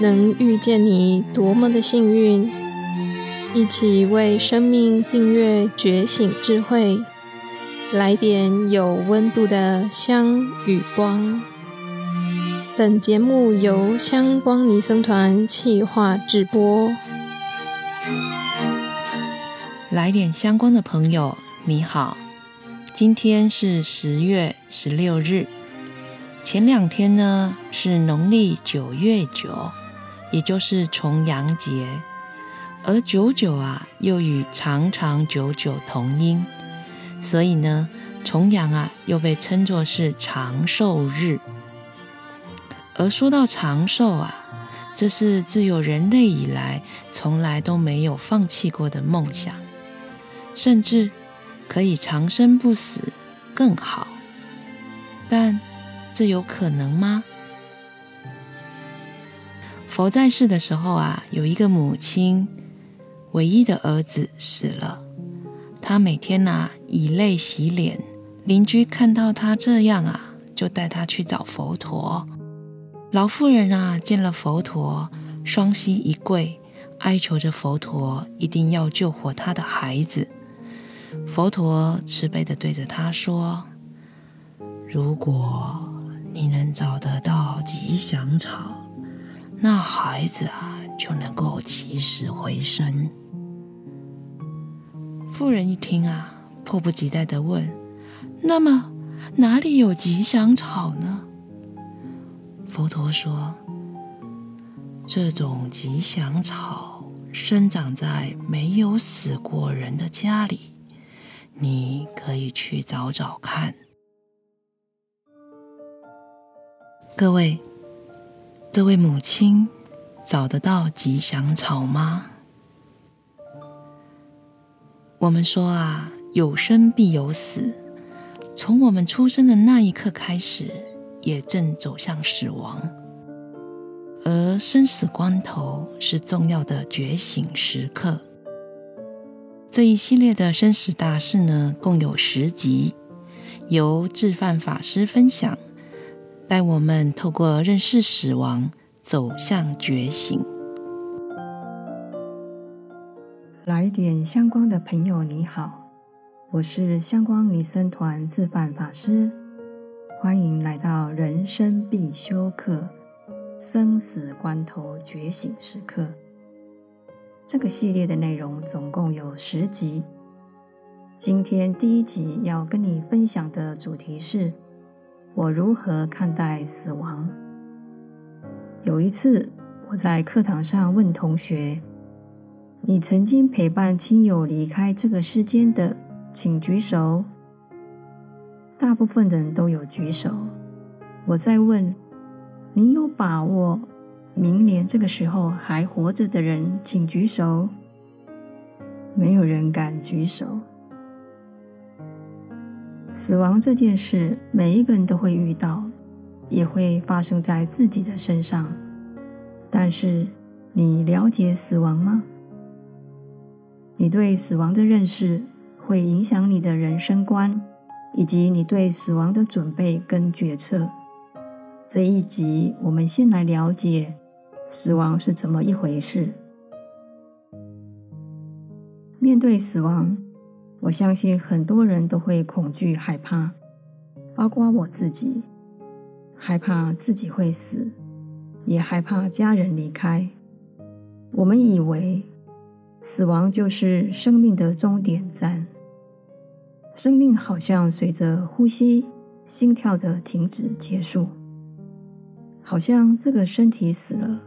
能遇見你，多麼的幸運！一起為生命訂閱覺，覺醒智慧，來點有溫度的香與光。本節目由香光尼僧團企劃直播。來點香光的朋友，你好，今天是十月十六日。前兩天呢，是農曆九月九，也就是重陽節。而九九啊，又與長長久久同音，所以呢，重陽啊又被稱作是長壽日。而說到長壽啊，這是自有人類以來從來都沒有放棄過的夢想，甚至可以長生不死更好。但這有可能嗎？佛在世的時候啊，有一個母親，唯一的兒子死了，他每天吶、啊、以淚洗臉。鄰居看到他這樣啊，就帶他去找佛陀。老婦人啊見了佛陀，雙膝一跪，哀求着佛陀一定要救活他的孩子。佛陀慈悲的對着他說：“如果……”你能找得到吉祥草，那孩子啊就能夠起死回生。婦人一聽啊，迫不及待的問：“那麼哪裡有吉祥草呢？”佛陀說：“這種吉祥草生長在沒有死過人的家裡，你可以去找找看。”各位，這位母親找得到吉祥草嗎？我們說啊，有生必有死，從我們出生的那一刻開始，也正走向死亡。而生死關頭是重要的覺醒時刻。這一系列的生死大事呢，共有十集，由自範法師分享。帶我們透過認識死亡，走向覺醒。來點香光的朋友，你好，我是香光尼僧團自範法師，歡迎來到人生必修課——生死關頭覺醒時刻。這個系列的內容總共有十集，今天第一集要跟你分享的主題是。我如何看待死亡？有一次，我在課堂上問同學：“你曾經陪伴親友離開這個世間的，請舉手。”大部分人都有舉手。我再問：“你有把握明年這個時候還活着的人，請舉手。”沒有人敢舉手。死亡這件事，每一個人都會遇到，也會發生在自己的身上。但是，你了解死亡嗎？你對死亡的認識，會影響你的人生觀，以及你對死亡的準備跟決策。這一集，我們先來了解死亡是怎麼一回事。面對死亡，我相信很多人都會恐懼、害怕，包括我自己，害怕自己會死，也害怕家人離開。我們以為，死亡就是生命的終點站，生命好像隨着呼吸、心跳的停止結束，好像這個身體死了，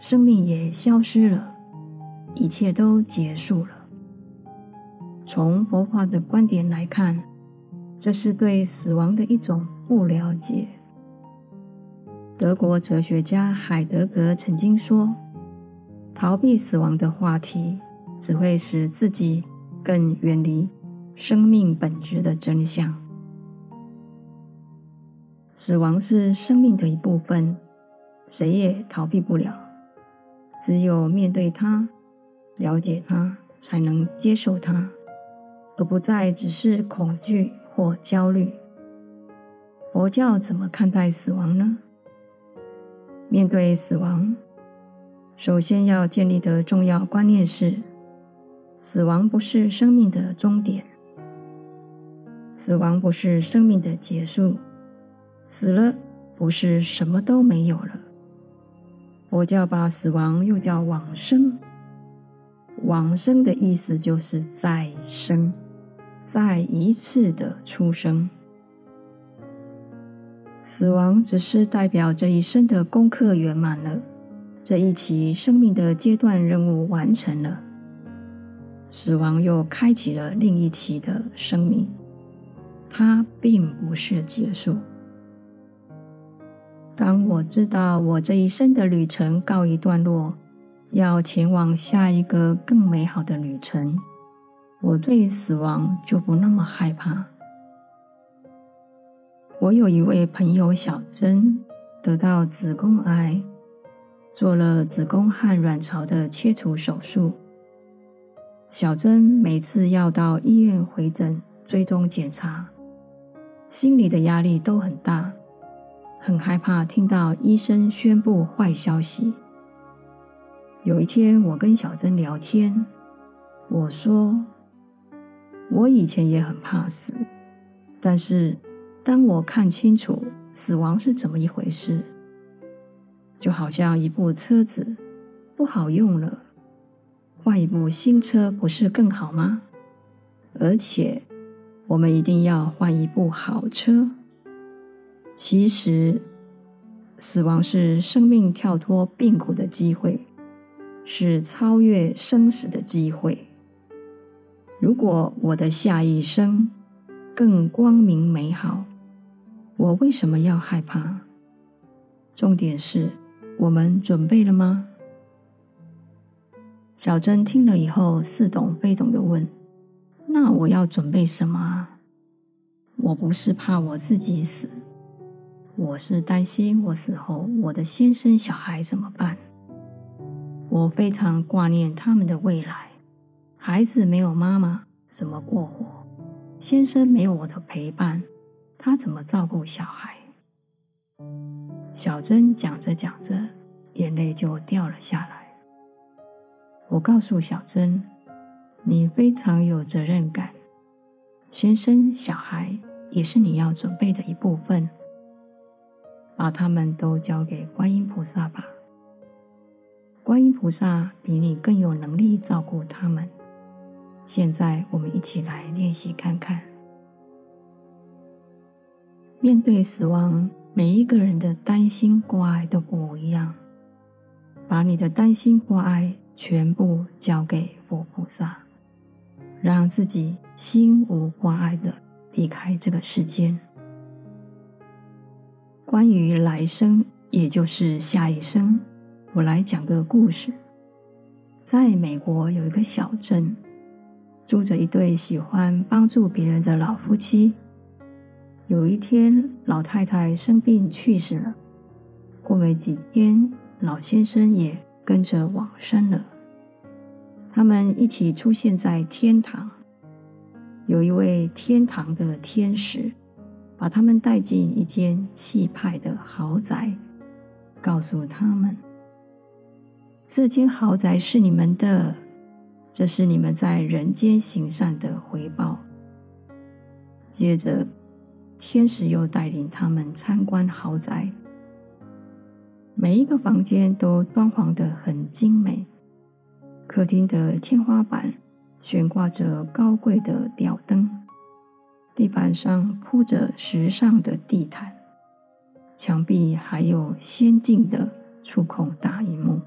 生命也消失了，一切都結束了。從佛法的觀點來看，這是對死亡的一種不了解。德國哲學家海德格曾經說：“逃避死亡的話題，只會使自己更遠離生命本質的真相。死亡是生命的一部分，誰也逃避不了。只有面對它，了解它，才能接受它。”而不再只是恐懼或焦慮。佛教怎麼看待死亡呢？面對死亡，首先要建立的重要觀念是：死亡不是生命的終點，死亡不是生命的結束，死了不是什麼都沒有了。佛教把死亡又叫往生，往生的意思就是再生。再一次的出生，死亡只是代表這一生的功課圓滿了，這一期生命的階段任務完成了，死亡又開啟了另一期的生命，它並不是結束。當我知道我這一生的旅程告一段落，要前往下一個更美好的旅程。我對死亡就不那麼害怕。我有一位朋友小珍，得到子宮癌，做了子宮和卵巢的切除手術。小珍每次要到醫院回診追蹤檢查，心裡的壓力都很大，很害怕聽到醫生宣布壞消息。有一天，我跟小珍聊天，我說，我以前也很怕死，但是當我看清楚死亡是怎麼一回事，就好像一部車子不好用了，換一部新車不是更好嗎？而且，我們一定要換一部好車。其實，死亡是生命跳脫病苦的機會，是超越生死的機會。如果我的下一生更光明美好，我為什麼要害怕？重點是我們準備了嗎？小珍聽了以後，似懂非懂的問：“那我要準備什麼啊？我不是怕我自己死，我是擔心我死後，我的先生小孩怎麼辦？我非常掛念他們的未來。”孩子沒有媽媽怎麼過活？先生沒有我的陪伴，他怎麼照顧小孩？小珍講着講着，眼淚就掉了下來。我告訴小珍：“你非常有責任感，先生、小孩也是你要準備的一部分，把他們都交給觀音菩薩吧。觀音菩薩比你更有能力照顧他們。”現在我們一起來練習看看。面對死亡，每一個人的擔心、掛礙都不一樣。把你的擔心、掛礙全部交給佛菩薩，讓自己心無掛礙的離開這個世間。關於來生，也就是下一生，我來講個故事。在美國有一個小鎮。住着一對喜歡幫助別人的老夫妻。有一天，老太太生病去世了。過沒幾天，老先生也跟着往生了。他們一起出現在天堂。有一位天堂的天使，把他們帶進一間氣派的豪宅，告訴他們：“這間豪宅是你們的。”這是你們在人間行善的回報。接着，天使又帶領他們參觀豪宅。每一個房間都裝潢得很精美，客廳的天花板懸掛着高貴的吊燈，地板上鋪着時尚的地毯，牆壁還有先進的觸控大螢幕。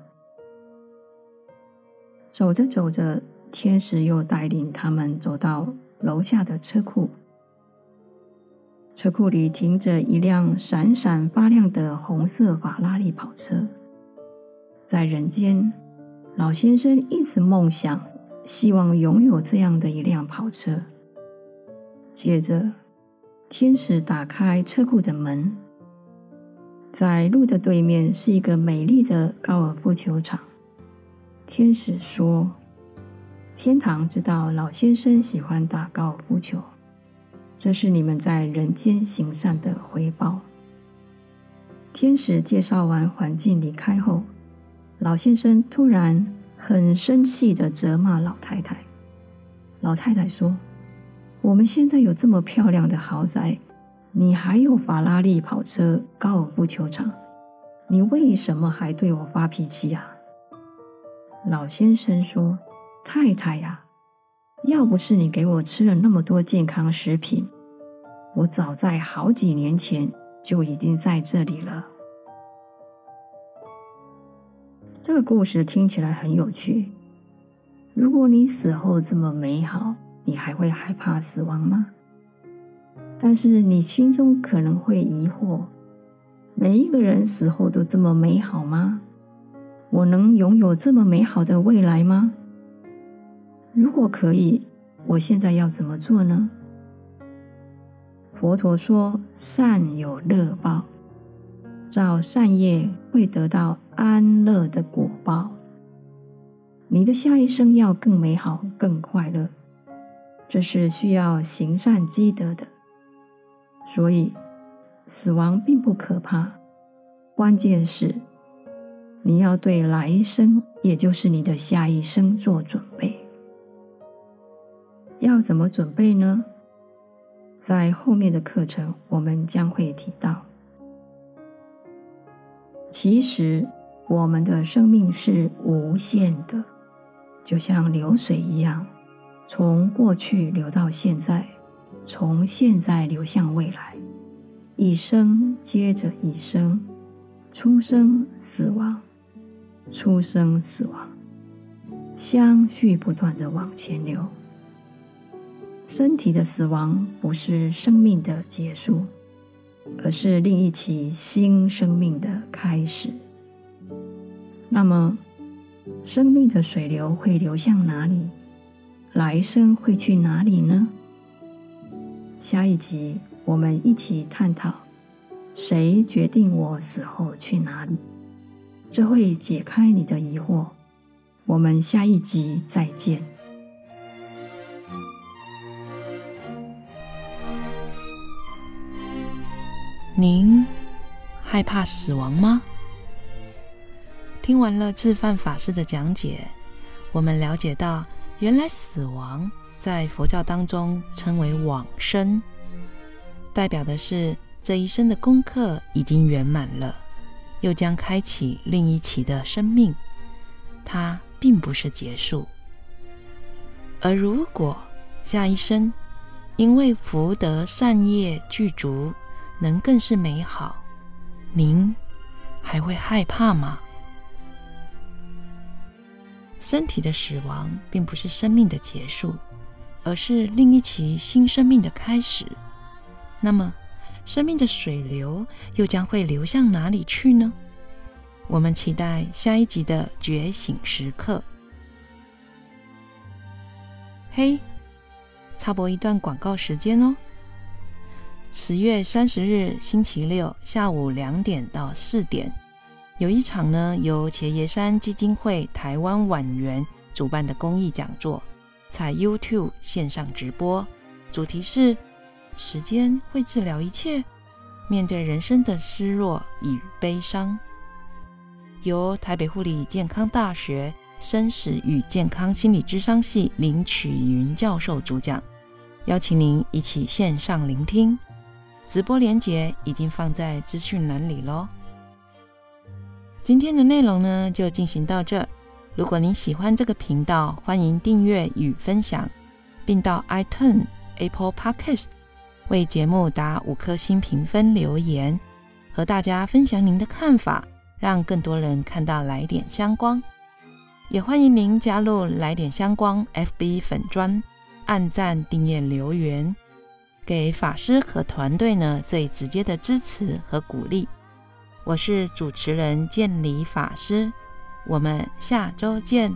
走着走着，天使又帶領他們走到樓下的車庫。車庫裡停着一輛閃閃發亮的紅色法拉利跑車。在人間，老先生一直夢想，希望擁有這樣的一輛跑車。接着，天使打開車庫的門。在路的對面是一個美麗的高爾夫球場。天使說：“天堂知道老先生喜歡打高爾夫球，這是你們在人間行善的回報。”天使介紹完環境離開後，老先生突然很生氣地責罵老太太。老太太說：“我們現在有這麼漂亮的豪宅，你還有法拉利跑車、高爾夫球場，你為什麼還對我發脾氣呀、啊？”老先生說：“太太呀，要不是你給我吃了那麼多健康食品，我早在好幾年前就已經在這裡了。”這個故事聽起來很有趣。如果你死後這麼美好，你還會害怕死亡嗎？但是你心中可能會疑惑：每一個人死後都這麼美好嗎？我能擁有這麼美好的未來嗎？如果可以，我現在要怎麼做呢？佛陀說：“善有樂報”，造善業會得到安樂的果報。你的下一生要更美好、更快樂，這是需要行善積德的。所以，死亡並不可怕，關鍵是。”你要對來生，也就是你的下一生做準備，要怎麼準備呢？在後面的課程，我們將會提到。其實，我們的生命是無限的，就像流水一樣，從過去流到現在，從現在流向未來，一生接着一生，出生死亡。出生、死亡，相續不斷的往前流。身體的死亡不是生命的結束，而是另一期新生命的開始。那麼，生命的水流會流向哪裡？來生會去哪裡呢？下一集我們一起探討：誰決定我死後去哪裡？這會解開你的疑惑。我們下一集再見。您害怕死亡嗎？聽完了自範法師的講解，我們了解到，原來死亡在佛教當中稱為往生，代表的是這一生的功課已經圓滿了。又將開啟另一期的生命，它並不是結束。而如果下一生因為福德善業具足，能更是美好，您還會害怕嗎？身體的死亡並不是生命的結束，而是另一期新生命的開始。那麼。生命的水流又將會流向哪裡去呢？我們期待下一集的覺醒時刻。嘿，插播一段廣告時間哦。十月三十日星期六下午兩點到四點，有一場呢由伽耶山基金會台灣晚緣主辦的公益講座，在 YouTube 線上直播，主題是。時間會治療一切？面對人生的失落與悲傷，由台北護理健康大學生死與健康心理諮商系林綺雲教授主講，邀請您一起線上聆聽。直播鏈接已經放在資訊欄裡嘍。今天的內容呢，就進行到這。如果您喜歡這個頻道，歡迎訂閱與分享，並到 iTunes、Apple Podcast。為節目打五顆星評分，留言和大家分享您的看法，讓更多人看到來點香光，也歡迎您加入來點香光 FB 粉專，按讚、訂閱、留言，給法師和團隊呢最直接的支持和鼓勵。我是主持人建里法師，我們下週見。